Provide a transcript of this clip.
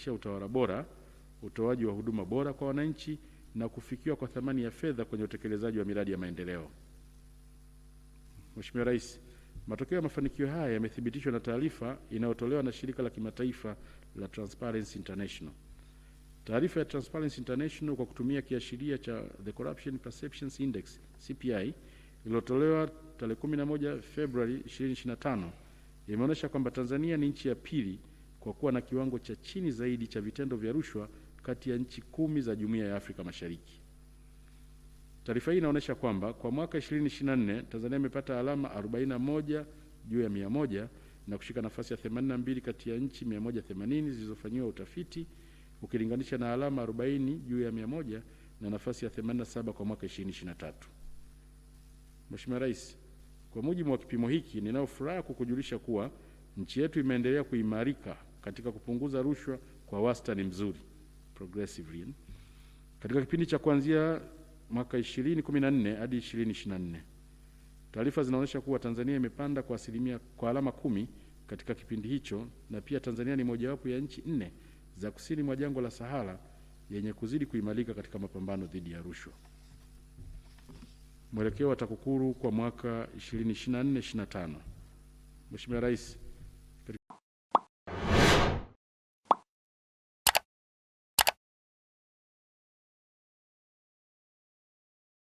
kuhakikisha utawala bora, utoaji wa huduma bora kwa wananchi na kufikiwa kwa thamani ya fedha kwenye utekelezaji wa miradi ya maendeleo. Mheshimiwa Rais, matokeo ya mafanikio haya yamethibitishwa na taarifa inayotolewa na shirika la kimataifa la Transparency International. Taarifa ya Transparency International kwa kutumia kiashiria cha The Corruption Perceptions Index CPI iliyotolewa tarehe 11 Februari 2025 imeonyesha kwamba Tanzania ni nchi ya pili kwa kuwa na kiwango cha chini zaidi cha vitendo vya rushwa kati ya nchi kumi za Jumuiya ya Afrika Mashariki. Taarifa hii inaonyesha kwamba kwa mwaka 2024 Tanzania imepata alama 41 juu ya 100 na kushika nafasi ya 82 kati ya nchi 180 zilizofanyiwa utafiti ukilinganisha na alama 40 juu ya 100 na nafasi ya 87 kwa mwaka 2023. Mheshimiwa Rais, kwa mujibu wa kipimo hiki, ninao furaha kukujulisha kuwa nchi yetu imeendelea kuimarika katika kupunguza rushwa kwa wastani mzuri progressively katika kipindi cha kuanzia mwaka 2014 hadi 2024. Taarifa zinaonyesha kuwa Tanzania imepanda kwa asilimia kwa alama kumi katika kipindi hicho, na pia Tanzania ni mojawapo ya nchi nne za kusini mwa jangwa la Sahara yenye kuzidi kuimarika katika mapambano dhidi ya rushwa. Mwelekeo wa TAKUKURU kwa mwaka 2024-2025. Mheshimiwa Rais